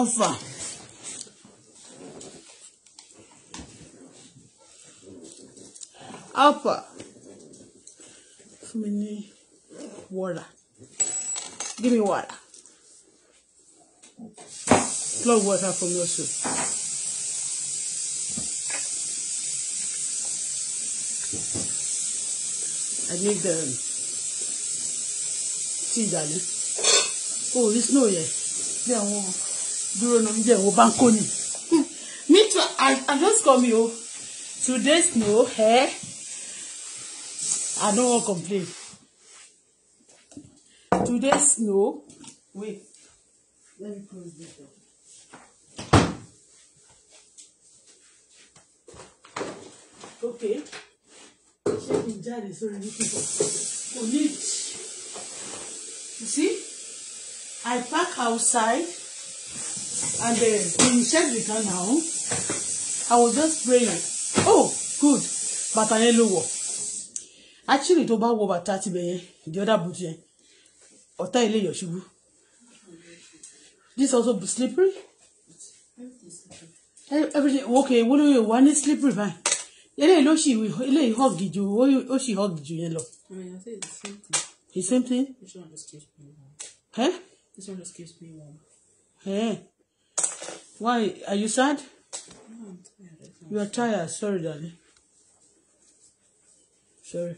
alpha alpha fún mi ní wàrà give me wàrà plug water for me also. I need the um, tea, darling. Oh, it's no yet. Yeah, I want dúró náà ń jẹ́ ìwọ báńkónì. me too i i just come here o today snow eh i no wan complain today snow wait let me close this door. okay ṣé kí n jáde sórí nípìnlẹ̀ kò you see i park outside and when you check the car now I was just praying oh good bàtà yẹn ló wọ̀ actually tó bá wọ bàtà tibẹ̀ yẹn the other boot yẹn ọ̀tá ilé yọ̀ ṣubú this also be slippery everything okay wọ́n lóye wà ní slippery báyìí eléyìí ló ṣì eléyìí hug jù ó ṣì hug jù yẹn lọ. the same thing. This one just keeps me warm. Eh? This one just keeps me warm. Eh? Why? Are you sad? You are tired. Sorry, darling. Sorry.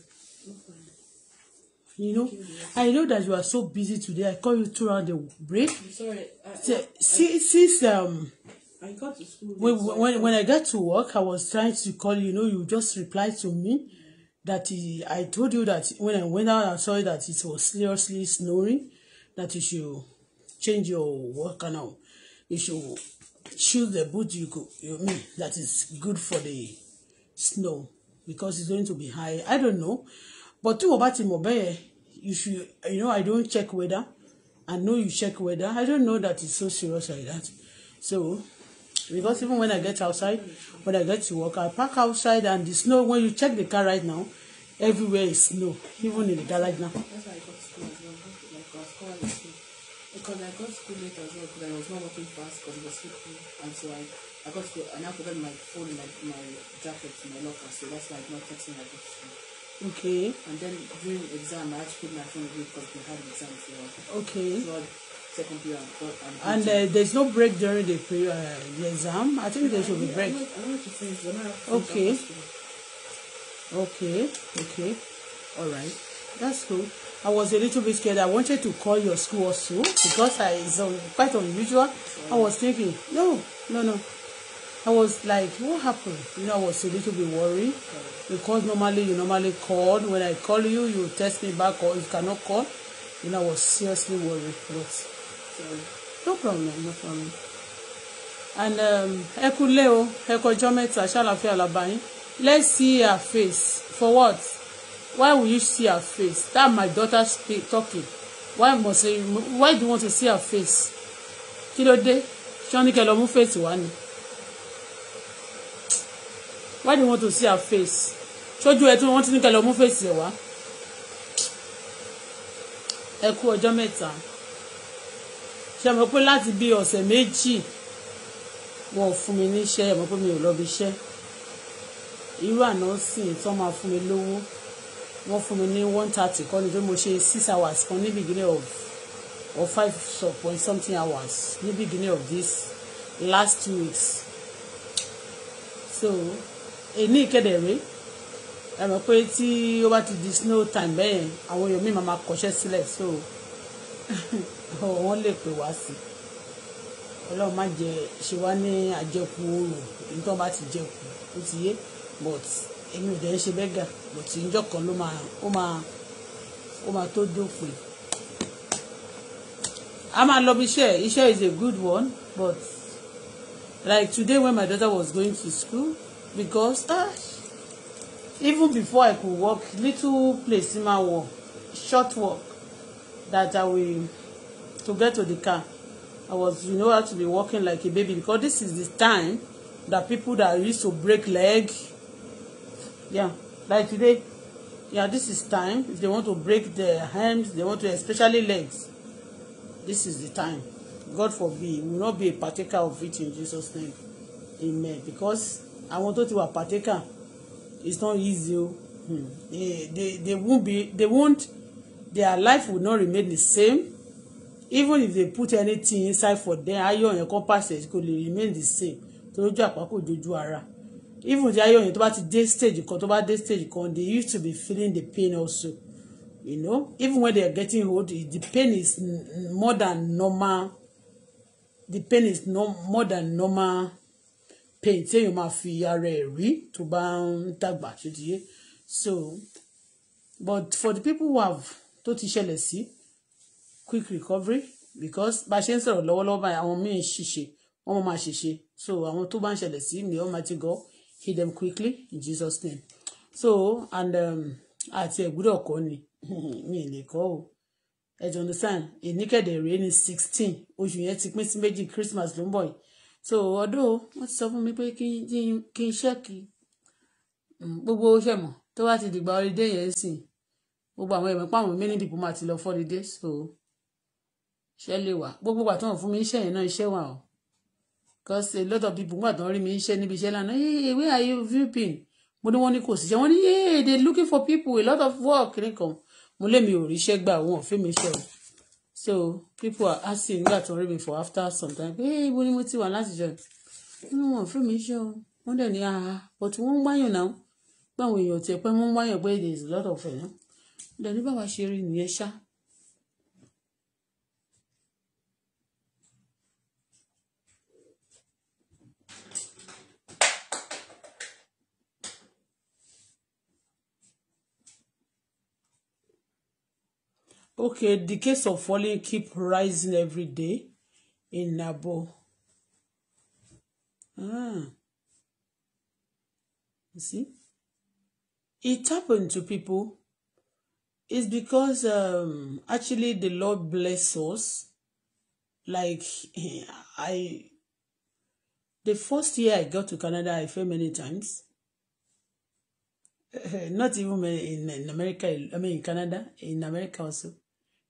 You know, I know that you are so busy today. I call you throughout the break. sorry. I, since, um, I got to school. When when, when I got to work, I was trying to call you. You know, you just replied to me that he, I told you that when I went out, I saw that it was seriously snoring. That you should change your work now. You should choose the boot you go you mean that is good for the snow because it's going to be high I don't know but tí about bá ti you should you know I don't check weather I know you check weather I don't know that it's so serious like that so because even when I get outside when I get to work I park outside and the snow when you check the car right now everywhere is snow even in the garage now. because I got school late as well because I was not working fast because it was sleeping and so I, I got to and I forgot my phone my, my jacket in my locker so that's why I am not texting I got Okay. And then during exam I had to put my phone away because we had exam so Okay. So I, second period and, and, uh, there's no break during the pre uh, the exam. I think there should be break. I want, I want to finish, okay. Okay. Okay. All right. That's cool. I was a little bit scared. I wanted to call your school also because I is um, quite unusual. I was thinking, no, no, no. I was like, what happened? You know, I was a little bit worried because normally you normally call. When I call you, you text me back or you cannot call. You know, I was seriously worried. But um, no problem, no problem. And um, ẹ kú lé o, ẹ kọjọ́ mẹ́ta, ṣàlàfíà Let's see her face. For what? why will you see her face that my daughter speak talking why must you why do you want to see her face kí ló dé ṣé wọn ní face wá ni why do you want to see her face ṣojú ẹ tí wọn ti ní kẹ lọ mú face wá ẹ kú ọjọ́ mẹ́ta ṣe mọ̀ pé láti bí ọ̀sẹ̀ méjì wọn ò fún mi níṣẹ́ ẹ mọ̀ pé mi ò lọ bí iṣẹ́ irú àná sì tán máa fún mi lówó wọ́n fún mi ní one thirty kọ́ni pé mo ṣe six hours kan ní beginning of or five point something hours ní beginning of this last two weeks so èní ìkédèrè ẹ mọ̀ pé tí ó bá ti di snow time bẹ́ẹ̀ àwọn èèyàn mi máa ma kọṣẹ́ sílẹ̀ so wọ́n lè pè wá sí ọlọ́run má jẹ ṣe wá ní àjẹkù oòrùn nítorí wọ́n bá ti jẹkù ó ti yé but èmi ò dẹ̀ ń ṣe bẹ́gà bọ̀tí níjọ́ kan ló máa ó máa ó máa tó dópin a máa lọ bí iṣẹ́ iṣẹ́ is a good one but like today when my daughter was going to school because ah even before I could work little place in my work short work that I will to get to the car I was you know how to be walking like a baby because this is the time that people that used to break leg yeah like today yeah this is time if they want to break their hands they want to especially legs this is the time God forbid we will not be a partaker of it in Jesus name amen because àwọn tó ti wà partaker it's not easy o hmm. they, they they won't be they won't their life will not remain the same even if they put anything inside for them iron and copper it go remain the same torójú àpapọ̀ ojú ara even the ayoyin tó bá ti dé stage kan tó bá stage kan they used to be feeling the pain also you know even when they are getting old the pain is more than normal the pain is no more than normal pain tí you máa feel ara ẹ̀ rí tó bá ń dàgbà tó so but for the people who have tó ti ṣẹlẹ̀ quick recovery because bá a ṣe ń sọ̀rọ̀ lọ́wọ́lọ́wọ́ báyìí àwọn míì ń ṣìṣe wọ́n máa ṣìṣe so I want to ń ṣẹlẹ̀ sí ni wọ́n máa kill them quickly in Jesus name so and um, àti ẹ̀gbúdọ̀ kọ́ ni mi ì lè kọ́ o ẹ jọ understand ìníkẹ̀dẹ̀ rèé ní sixteen oṣù yẹn ti pín sí méjì Christmas ló ń bọ̀ yìí so ọdún wọ́n ti sọ fún mi pé kí n ṣẹ́ẹ̀kì hmm, gbogbo ṣẹ̀mọ̀ tó bá ti dìgbà holiday yẹn sì gbogbo àwọn ẹ̀mí pàwọn many people máa ti lọ fọ́lidé so ṣẹ́ lè wà gbogbo àtọ́wọ̀n fún mi iṣẹ́ yẹn náà iṣẹ́ wà o because a lot of people wà tán rí mi iṣẹ́ níbi iṣẹ́ lánàá hey where are you viewing? been mo ní wọ́n ní kò síṣẹ́ wọ́n ní hey they looking for people a lot of work nìkan mo lé mi ò ríṣẹ́ gbà wọn ò fi mi ṣe so people are asking nígbà tán rí mi for after some time hey mo ní mo ti wà láti jọ nínú wọn ò fi mi ṣe o dẹ̀ ní ah but wọ́n ń wáyàn náà báwọn èèyàn tiẹ̀ pé wọ́n ń wáyàn pé there is a lot of ẹ̀yàn eh. dẹ̀ ní bàbá ṣe rí nìyẹn ṣá Okay, the case of falling keep rising every day in Nabo. Ah. You see? It happened to people. It's because um, actually the Lord bless us. Like, I... The first year I got to Canada, I fell many times. Not even in, in America, I mean in Canada, in America also.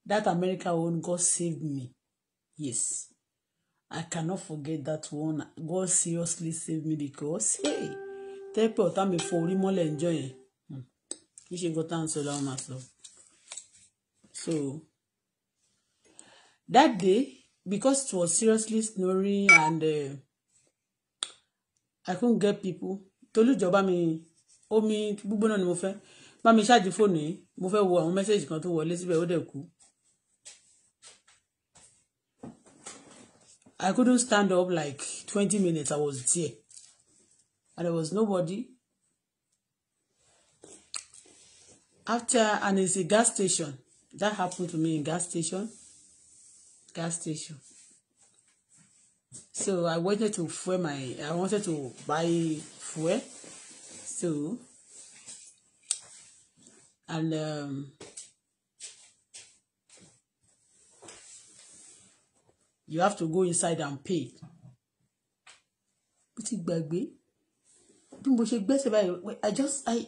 That America one, God save me. Yes. I cannot forget that one. God seriously save me because, hey, tẹ́ pé ọ̀tá mi fọ orí mọ́lẹ̀ ń jọ yẹn. Hmm. Kì í ṣe nǹkan ń sọ láwọn máa sọ. So, that day, because it was seriously snoring and uh, I couldn't get people, Tolújọba mi, omi gbígbóná ni mo fẹ́. Bá mi ṣáàjì fóònù yìí, mo fẹ́ wo àwọn mẹ́sẹ̀gì kan tó wọlé síbẹ̀ ó dẹ̀ kú. I couldn't stand up like 20 minutes. I was there. And there was nobody. After, and it's a gas station. That happened to me in gas station. Gas station. So I wanted to fuel my, I wanted to buy fuel. So, and um, you have to go inside and pay mo ti gbàgbé bí mo ṣe gbẹ́sẹ̀ báyìí i just i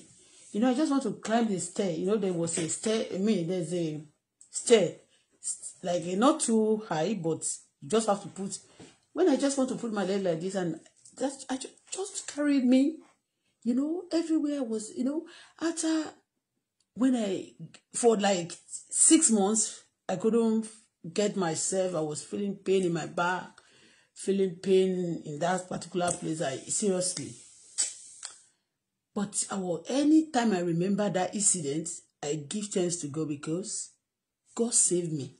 you know i just want to climb the stair you know there was a stair i mean there's a stair like eh, not too high but you just have to put when i just want to put my leg like this and that i just, just carried me you know everywhere was you know after when i for like six months i couldn't get myself. I was feeling pain in my back, feeling pain in that particular place. I seriously. But any time I remember that incident, I give thanks to God because God saved me.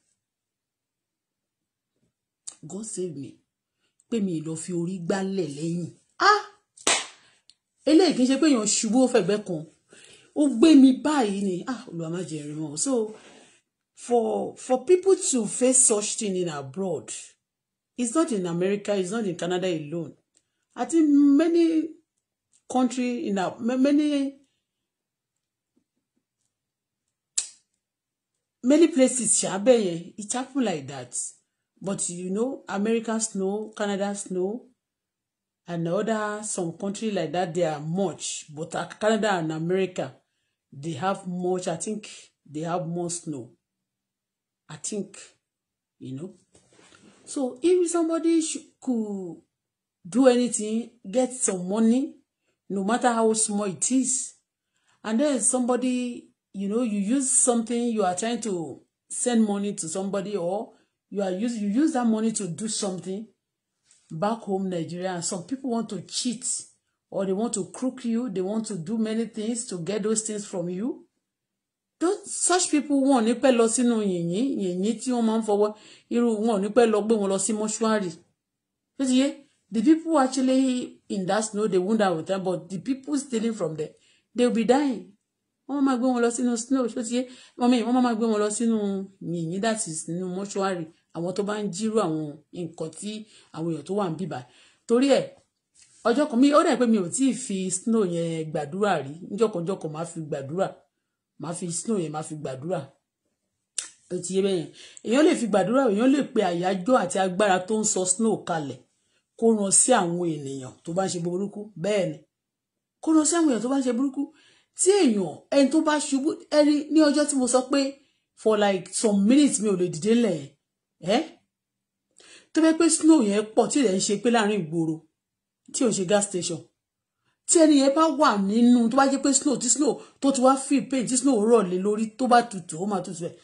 God saved me. Pé mi lọ fi orí gbálẹ̀ lẹ́yìn. Ah! Eléyìí kì í ṣe pé èèyàn ṣubú ó fẹ̀gbẹ́ kan. Ó gbé mi báyìí ni. Ah! Olúwa má jẹ́ rí mọ́. So for for people to face such thing in abroad it's not in America it's not in Canada alone I think many country in a, many many places shabe it happen like that but you know Americans know Canadans know and other some country like that they are much but Canada and America they have much I think they have more snow I think, you know. So if somebody could do anything, get some money, no matter how small it is, and then somebody, you know, you use something, you are trying to send money to somebody or you are use you use that money to do something back home Nigeria and some people want to cheat or they want to crook you, they want to do many things to get those things from you those such people wọn ò ní pẹ́ lọ sínú yìnyín yìnyín tí wọ́n máa ń fọwọ́ irú wọn ò ní pẹ́ lọ gbé wọn lọ sí mọ́ṣúárì tó ti yé the people actually in that snow they wound out them but the people stealing from them they will be dying wọ́n máa gbé wọn lọ sínú snow tó ti yé wọ́n mìíràn wọ́n máa gbé wọn lọ sínú yìnyín that is nínú mọ́ṣúárì àwọn tó bá ń jírú àwọn nǹkan tí àwọn èèyàn tó wà ń bìbà torí ẹ̀ ọjọ́ kan mi ó dẹ̀ pé mi ò tí ì fi snow yẹn gbàdúrà rí níjọ́kanjọ́kan máa fi gbàdúrà màá fi snow yẹn màá fi gbàdúrà ó ti yé bẹ́yẹn èèyàn lè fi gbàdúrà èèyàn lè pe àyájọ́ àti agbára tó ń sọ snow kalẹ̀ kó ran sí àwọn ènìyàn tó bá ń ṣe burúkú bẹ́ẹ̀ ni kó ran sí àwọn èèyàn tó bá ń ṣe burúkú tí èèyàn ẹni tó bá ṣubú ẹni ní ọjọ́ tí mo sọ pé for like some minutes mi ò lè dìde lẹ̀ ẹ́ tó bẹ́ẹ̀ pé snow yẹn pọ̀ tí ò lè ṣe pé láàrin ìgboro tí ò ń ṣe gas station tí ẹni yẹn bá wà nínú tó bá jẹ́ pé slow tí slow tó ti wá feel pain tí slow rọ̀ lé lórí tó bá tutù ó máa tutù ẹ̀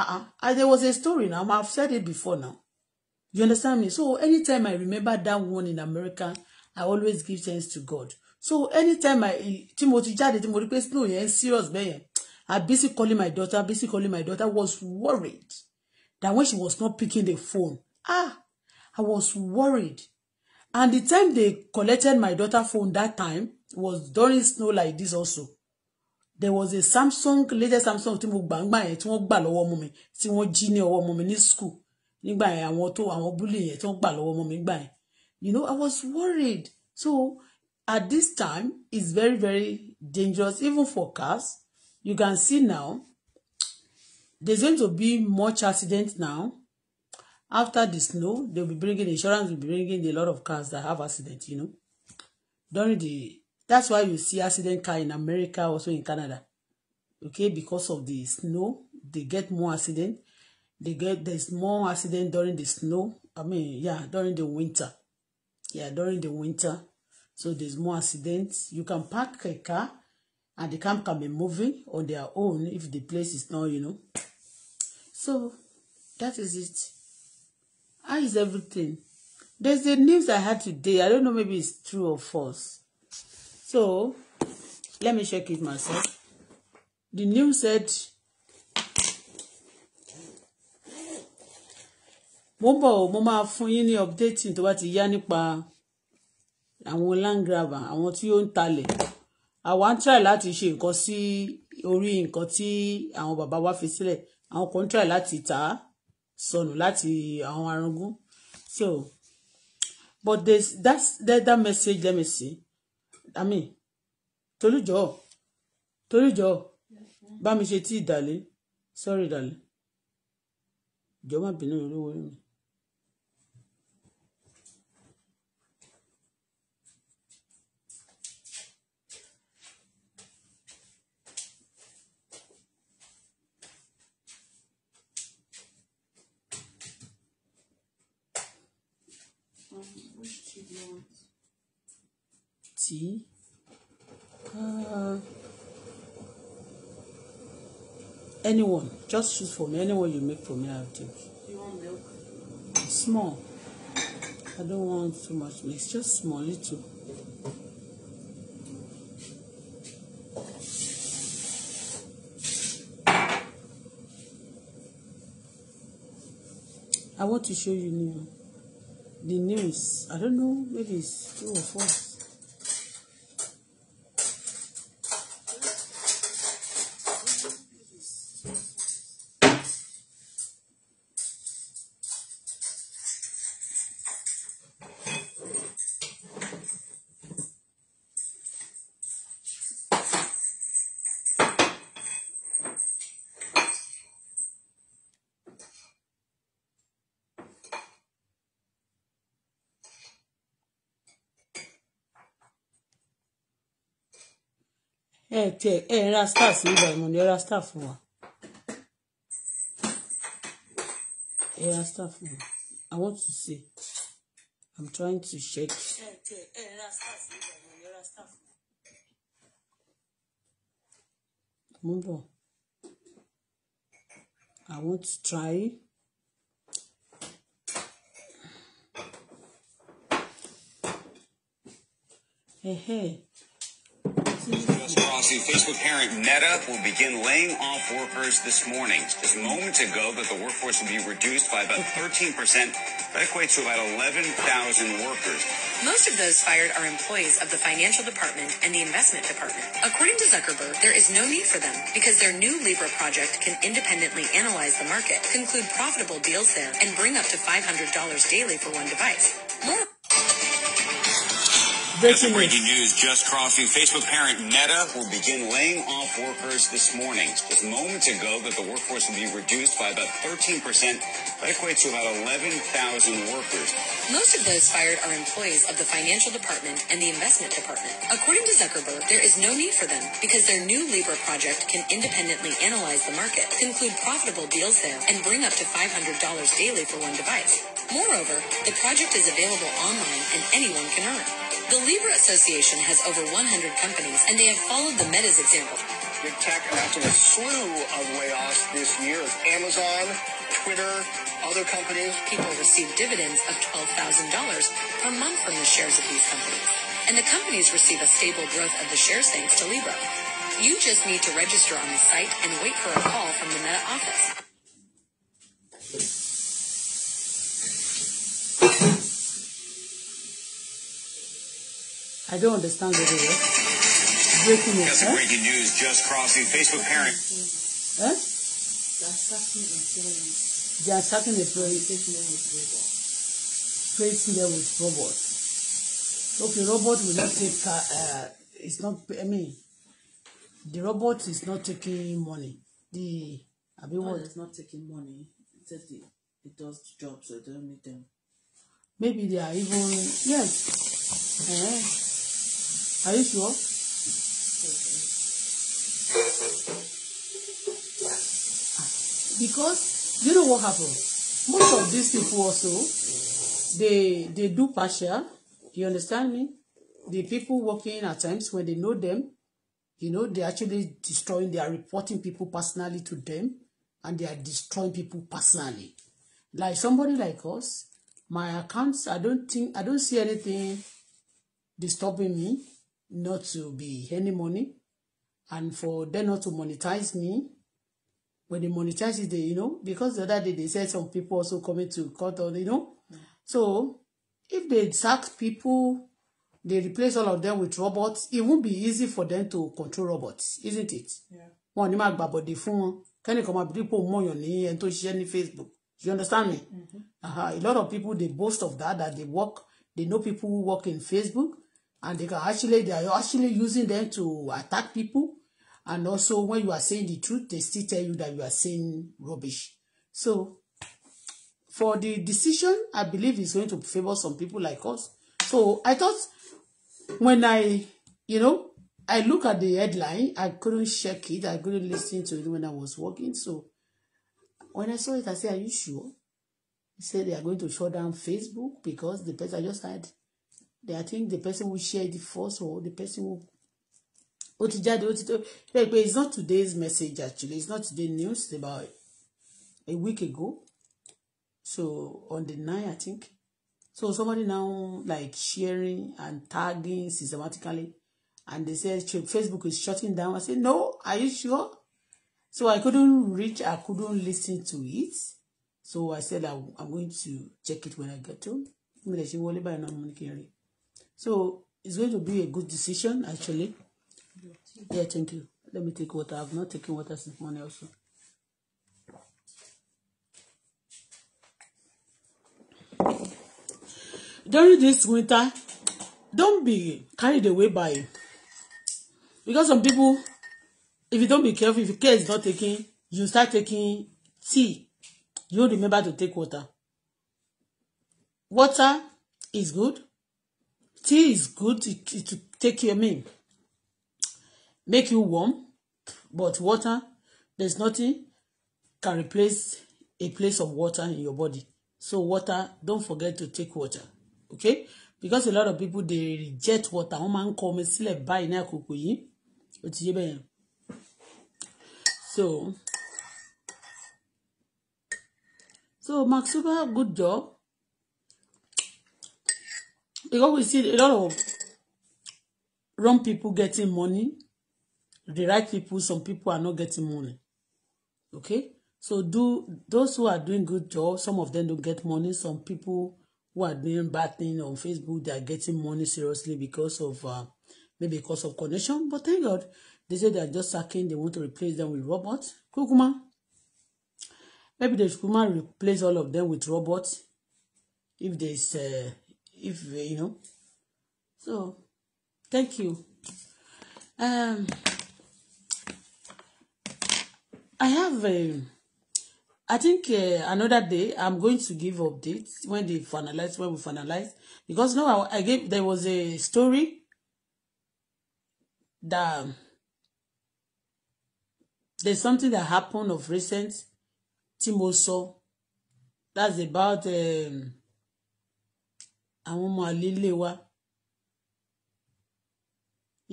ah ah there was a story now I've said it before now you understand me so anytime I remember that one in America I always give thanks to God so anytime I tí mo ti jáde tí mo rí pé slow yẹn serious bẹ́ẹ̀ I busy calling my daughter busy calling my daughter was worried that when she was not picking the phone ah I was worried And the time they collected my daughter phone that time was during snow like this also. There was a Samsung, latest Samsung tí mo gbà ń gbà yẹn tí wọ́n gbà lọ́wọ́ ọmọ mi tí wọ́n jí ní ọwọ́ ọmọ mi ní school nígbà yẹn àwọn to. àwọn búlì yẹn tí wọ́n gbà lọ́wọ́ ọmọ mi gbà yẹn. You know, I was worried. So at this time, it's very, very dangerous even for cars. You can see now, there's going to be much accident now. After the snow, they'll be bringing insurance, will be bringing a lot of cars that have accident, you know. During the that's why you see accident car in America, also in Canada. Okay, because of the snow, they get more accident. They get there's more accident during the snow. I mean, yeah, during the winter. Yeah, during the winter. So there's more accidents. You can park a car and the car can be moving on their own if the place is not, you know. So that is it. How is everything? There's the news I had today. I don't know maybe it's true or false. So, let me check it myself. The news said, mo ń bọ̀ mo updating tó bá ti yá nípa land grabber àwọn tí ó ń talẹ̀ àwa ń try láti ṣe nǹkan sí orí nǹkan tí àwọn bàbá wa fi sílẹ̀ try láti tà sọnù láti àwọn arangún so but this that's that, that message let me see i mean tolújọ tolújọ bá mi ṣe tí ìdàlẹ sorry ìdàlẹ ìjọba bínú olówó mi. tí uh, anyone just choose for me anyone you make for me I'll take. You want milk? Small. I don't want too much milk. Just small little. I want to show you now. the news. I don't know, maybe it's two or four. ẹ tiẹ̀ ẹ ra star sí ìgbà ìmọ̀ ni ẹ ra star fún wa ẹ ra star fún wa I want to see I'm trying to check. ẹ tiẹ̀ ẹ ra star sí ìgbà ìmọ̀ ni ẹ ra star fún I want to try. Hey, hey. Facebook parent Meta will begin laying off workers this morning. Just moments ago, that the workforce will be reduced by about 13 percent. That equates to about 11,000 workers. Most of those fired are employees of the financial department and the investment department. According to Zuckerberg, there is no need for them because their new Libra project can independently analyze the market, conclude profitable deals there, and bring up to $500 daily for one device. More breaking, news. news. just crossing. Facebook parent Meta will begin laying off workers this morning. Just moments ago, that the workforce will be reduced by about 13 percent. That equates to about 11,000 workers. Most of those fired are employees of the financial department and the investment department. According to Zuckerberg, there is no need for them because their new labor project can independently analyze the market, conclude profitable deals there, and bring up to $500 daily for one device. Moreover, the project is available online and anyone can earn. The Libra Association has over 100 companies, and they have followed the Meta's example. Big tech announcing a slew of layoffs this year of Amazon, Twitter, other companies. People receive dividends of $12,000 per month from the shares of these companies. And the companies receive a stable growth of the shares thanks to Libra. You just need to register on the site and wait for a call from the Meta office. I don't understand the well. Breaking news. That's huh? breaking news just crossing Facebook parent. Huh? They are sacking employees. Placing them with robots. Okay, robot will not take. Uh, it's not. I mean, the robot is not taking money. The I mean, what? It's not taking money. It says the, it does the job, so it doesn't need them. Maybe they are even yes. uh Are you sure? Because you know what happened? Most of these people also, they they do partial. You understand me? The people working at times when they know them, you know, they actually destroying, they are reporting people personally to them, and they are destroying people personally. Like somebody like us, my accounts, I don't think, I don't see anything disturbing me not to be any money and for them not to monetize me when they monetize it they you know because the other day they said some people also coming to cut or you know so if they sack people they replace all of them with robots it won't be easy for them to control robots isn't it Yeah. One, wọn ní máa gbàbọ̀dé fún wọn kẹ́nìkan máa people pò mọ̀yàn ní and to share ní Facebook you understand me mm -hmm. uh -huh. a lot of people they boast of that that they work they know people who work in Facebook and they are actually they are actually using them to attack people and also when you are saying the truth they still tell you that you are saying rubbish so for the decision I believe is going to favour some people like us so I thought when I you know I look at the headline I couldn't check it I couldn't listen to it when I was working so when I saw it I said are you sure he said they are going to shut down Facebook because the person I just had they I think the person who shared the first or the person who ó ti jáde ó ti tó pé pé it's not today's message actually it's not today news it's about a week ago so on the nine I think so somebody now like sharing and tagging systematically and they said Facebook is shutting down I said no are you sure so I couldn't reach I couldn't listen to it so I said I'm going to check it when I get home. So it's going to be a good decision, actually. Yeah, thank you. Let me take water. I've not taken water since morning also. During this winter, don't be carried away by because some people, if you don't be careful, if your care is not taking, you start taking tea. You remember to take water. Water is good tea is good it, it take you I mean make you warm but water there's nothing can replace a place of water in your body so water don't forget to take water okay because a lot of people they reject water wọ́n máa ń kọ omi sílẹ̀ báyìí ní àkókò yìí ó ti yé bẹ́ẹ̀ so so Maxuba, good job because we see a lot of wrong people getting money the right people some people are not getting money okay so do those who are doing good job some of them don't get money some people who are doing bad thing on Facebook they are getting money seriously because of uh, maybe because of connection but thank God they say they are just sucking. they want to replace them with robots kukuma maybe the should replace all of them with robots if there's uh, if uh, you know so thank you um, I have a. Um, I think uh, another day I'm going to give updates when they finalize when we finalize because now I, I gave there was a story that um, there's something that happened of recent Timoso, that's about um, àwọn ọmọ àlélé wa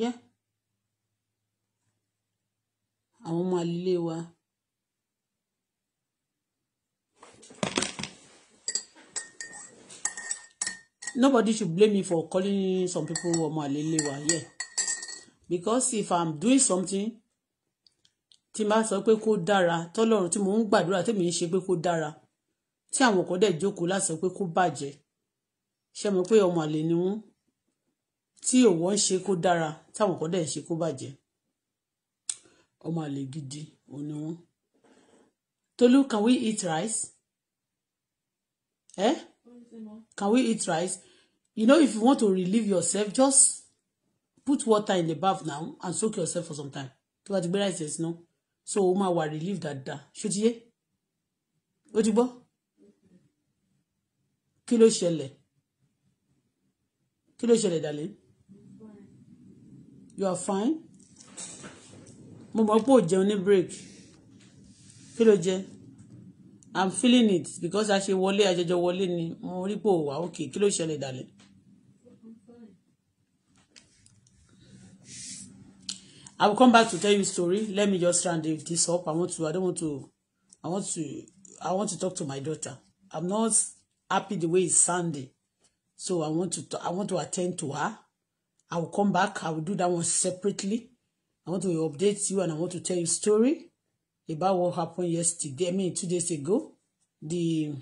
yẹ àwọn ọmọ àlélé wa. Nobody should blame me for calling some people ọmọ àlélé wa yeah because if I'm doing something tí n bá sọ pé kó dára tọ́lọ́run tí mò ń gbàdúrà tèmi ń ṣe pé kó dára tí àwọn kan dẹ̀ jókòó láti sọ pé kó bàjẹ́ ṣe mọ̀ pé ọmọ àlè ni wọ́n tí òwò ń ṣe kó dára táwọn kan dẹ̀ ń ṣe kó bàjẹ́ ọmọ àlè gidi òun ni wọ́n Tolu can we eat rice eh can we eat rice you know if you want to relieve yourself just put water in the bath now and soak yourself for some time tó bá ti gbé rice so o máa wà relieve dáadáa ṣó ti yé ó ti gbọ́ kí ló kí ló ṣẹlẹ̀ dàlẹ́ you are fine mo mọ̀ pé ò jẹun ní break kí ló jẹ i'm feeling it because a ṣe wọlé ajọjọ wọlé ni mo rí pò wá òkè kí ló ṣẹlẹ̀ dàlẹ́. I will come back to tell you story. Let me just round this up. I want to. I don't want to. I want to. I want to talk to my daughter. I'm not happy the way it's sounding. So I want to I want to attend to her. I will come back. I will do that one separately. I want to update you and I want to tell you story about what happened yesterday. I mean two days ago. The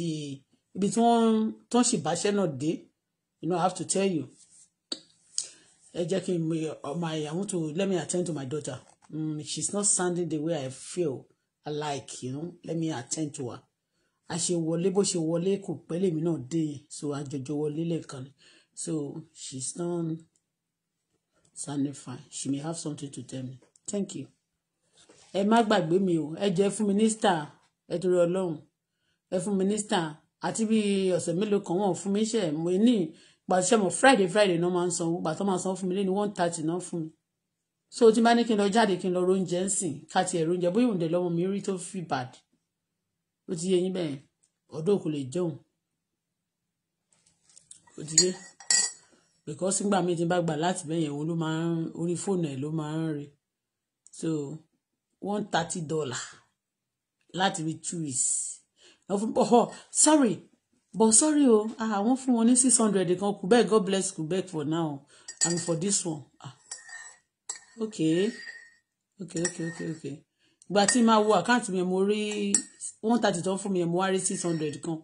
the ibi tí wọ́n tó ń ṣèbáṣẹ́ náà dé you know I have to tell you ẹ jẹ́ kí n uh, my I want to let me attend to my daughter mm, she's not sounding the way I feel I like you know let me attend to her a ṣe wọlé bó ṣe wọlé kò pẹ́ lèmi náà dé so àjọjọ wọlé lẹ́ẹ̀kan ni so she's not sounding fine she may have something to tell me thank you. ẹ má gbàgbé mi o ẹ jẹ́ fún mínísítà ẹ torí ọlọ́run ẹ fún mínísítà àti bí ọ̀sẹ̀ mélòó kan wọ́n fún mi ṣe mo ní pàṣẹ mọ̀ friday friday náà máa ń sanwó gbà tó máa sanwó fún mi lẹ́ni one thirty náà fún mi so tí bá ní kí n lọ jáde kí n lọ róúnjẹ ń sìn káti ẹ̀rọ oúnjẹ bóyá òǹdẹ lọ́mọ mi rí tó fi bad ó ti yé yín bẹ́ẹ̀ ọ̀dọ́ kò lè jẹun ó ti yé because ngbà mi ti bá gbà láti bẹ́yẹn òun ló máa ń orí fóònù ẹ̀ ló máa ń rí so one thirty dollar láti rí two weeks ọ̀họ̀ sorry but sorry o àwọn ah, fún wọn ní six hundred kan Quebec God bless Quebec for now and for this one ah okay okay okay okay okay ìgbà tí máa wo àkáǹtì mi mo rí one thirty tó ń fún mi mo wá rí six hundred kan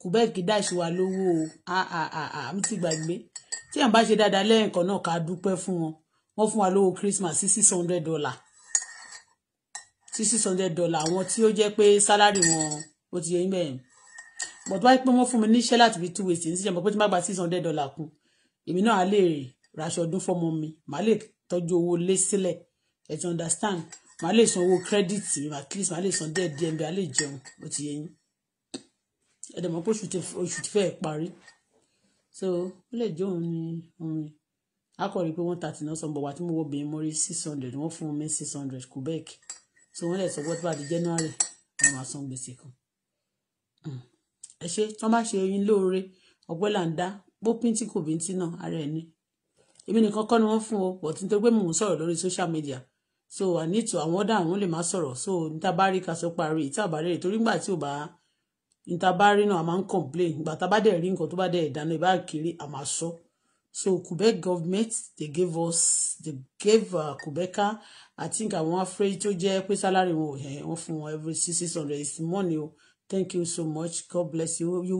kùbẹ́ẹ̀kì dáìsí wa lówó o mi ti gbàgbé tí àwọn bá ṣe dáadáa lẹ́ẹ̀kan náà ká dúpẹ́ fún wọn wọ́n fún wa lówó Christmas sí six hundred dollar sí six hundred dollar àwọn tí ó jẹ́ pé salary. wọn ó ti yẹ ń bẹ̀rẹ̀ bọ̀ tó bá yẹ pé wọ́n fún mi níṣẹ́ láti fi two weeks ní sísè mọ̀ pé tí má gba six hundred dollar kù èmi náà á lè raṣọ ọdún fọ́mọ mi màá lè tọ́jú owó lé sílẹ̀ ẹ ti understand màá lè san owó kírẹ́dìtì at least màá lè san díẹ̀ díẹ̀ bí a lè jẹun bó ti yẹ yín ẹ̀dẹ̀ mọ́ pé oṣù ti fẹ́ parí so ó lè jẹ́ òun ni òun ni akọ̀rí pé one thirty náà san bọ̀ wá tí mo wọ bẹ̀yẹn mọ́rí six hundred wọ́n fún mi six hundred Quebec so wọ́n lè sọ pé tí bá di January wọ́n máa san gbèsè kan hmm. ẹ ṣe tí wọ́n bá ṣe yín lóore ọgbẹ́ là ń dá pópin tí kò bí ń tí náà ara ẹ̀ ní èmi nìkan kọ́ ni wọ́n fún o pọ̀ tí nítorí pé mò ń sọ̀rọ̀ lórí social media so i need to àwọn ọ̀dà àwọn lè má sọ̀rọ̀ so ntabari ká sọ parí ìtàbárẹ̀ rẹ̀ torí ngbà tí ò bá ntabari náà a máa ń complain ìgbà tá a bá dẹ̀ rí nǹkan tó bá dẹ̀ dáná ìbá kiri a máa sọ so Quebec government they gave us they gave uh, Quebecer i think àwọn afraid tó jẹ́ pé salary wọn ò yẹn eh, wọ́n fún wọn every six six hundred is money o oh. thank you so much god bless you you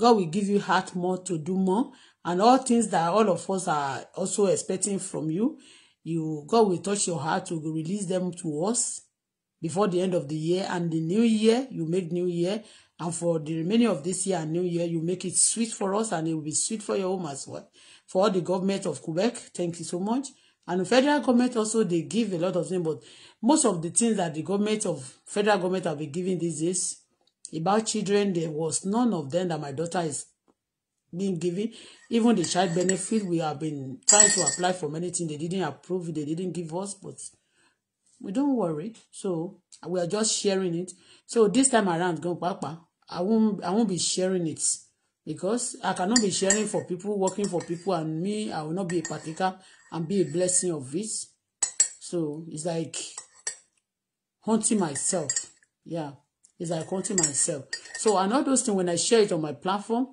god will give you heart more to do more and all things that all of us are also expecting from you you God will touch your heart to release them to us before the end of the year and the new year you make new year and for the remaining of this year and new year you make it sweet for us and it will be sweet for your home as well for all the government of Quebec thank you so much and the federal government also they give a lot of things but most of the things that the government of federal government have been giving these days about children there was none of them that my daughter is being given. Even the child benefit, we have been trying to apply for many things. They didn't approve, they didn't give us, but we don't worry. So we are just sharing it. So this time around, go papa, I won't I won't be sharing it because I cannot be sharing for people, working for people, and me, I will not be a partaker and be a blessing of this. So it's like haunting myself. Yeah. It's like haunting myself. So and all those things when I share it on my platform,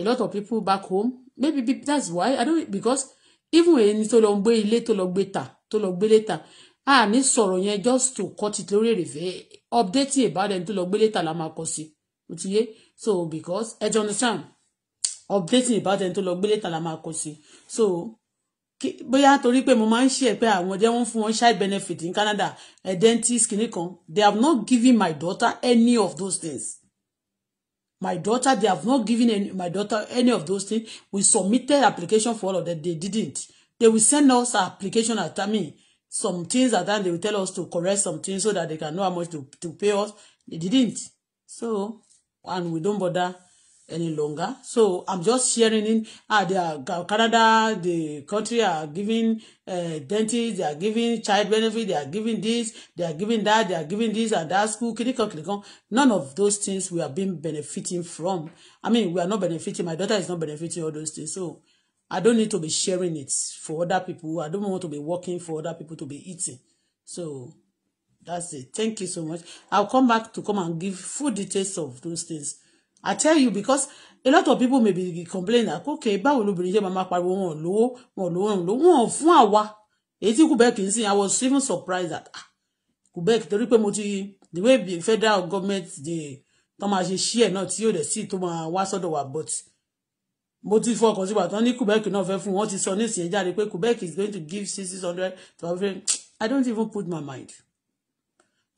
a lot of people back home maybe that's why i don't because even when tó lọ gbé ilé tó lọ gbé ta tó lọ gbé létà a ní sọ̀rọ̀ yẹn just to cut it lórí èrè updating e about ẹni tó lọ gbé létà la máa kọ sí o so because ẹ jọ understand updating e about ẹni tó lọ gbé létà la máa kọ sí so bóyá torí pé mo máa ń pe ẹ pé àwọn ọdẹ wọn fún benefit in Canada a dentist kìnnìkan they have not given my daughter any of those things My daughter, they have not given any, my daughter any of those things. We submitted application for all of that. They didn't. They will send us application at me. some things at that they will tell us to correct some things so that they can know how much to, to pay us. They didn't. So, and we don't bother any longer. So I'm just sharing in uh, the, uh, Canada, the country are giving uh, eh, dentists, they are giving child benefit, they are giving this, they are giving that, they are giving this and that school, clinical, clinical. None of those things we have been benefiting from. I mean, we are not benefiting. My daughter is not benefiting all those things. So I don't need to be sharing it for other people. I don't want to be working for other people to be eating. So that's it. Thank you so much. I'll come back to come and give full details of those things. I tell you because a lot of people may be complain that okay báwo lóbìnrin jẹ́ màmá pariwo wọn lówó wọn lówó wọn lówó wọn fún àwa èyí tí Quebec ń sìn I was even surprised at ah Quebec torí pé mo ti the way the federal government dey tó máa ṣe ṣí ẹ̀ náà tí yóò dẹ̀ sí tó máa wá sọ́dọ̀ wa but mo ti fọkàn sí bàtán ní Quebec náà fẹ́ fún wọn ti sọ ní ìsìn jáde pé Quebec is going to give six hundred to every I don't even put my mind.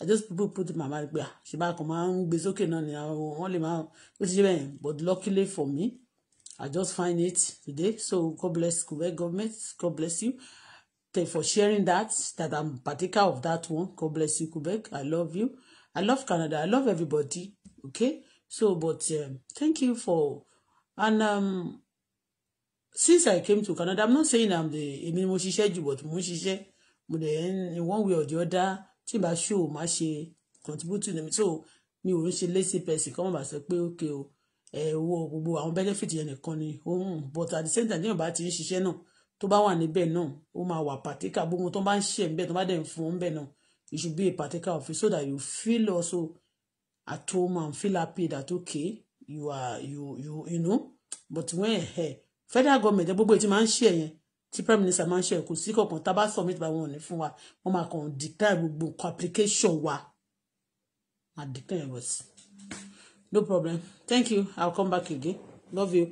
I just people put my mind pé ah ṣe bá kàn máa ń gbé sókè náà ni wọn lè máa ó ti ṣe bẹ́ẹ̀ but luckily for me I just find it today so God bless Quebec government God bless you thank for sharing that that I'm particular of that one God bless you Quebec I love you I love Canada I love everybody okay so but um, thank you for and um, since I came to Canada I'm not saying I'm the Emi ni mo ṣiṣẹ́ jù but mo ṣiṣẹ́ mo dẹ̀ in one way or the other tí bá ṣó o má ṣe contribute to so mi ò ń ṣe lazy person kọ́mọ̀ bá sọ pé ókè o ẹ wo gbogbo àwọn benefit yẹn nìkan ni òun but at the same time níwọ̀n bá ti ń ṣiṣẹ́ náà tó bá wà níbẹ̀ náà ó máa wà particular gbogbo tó bá ń ṣe níbẹ̀ tó bá dẹ̀ ń fún un bẹ̀ náà you should be a particular of it so that you feel also at home and feel happy that okay you are you you you know but when eh, federal government gbogbo ètò máa ń ṣe yẹn tí prime minister máa ń ṣe kò sí kankan tá a bá submit by one ò ní fún wa wọn máa kàn declare gbogbo nǹkan application wa máa declare wọ sí no problem thank you i will come back again love you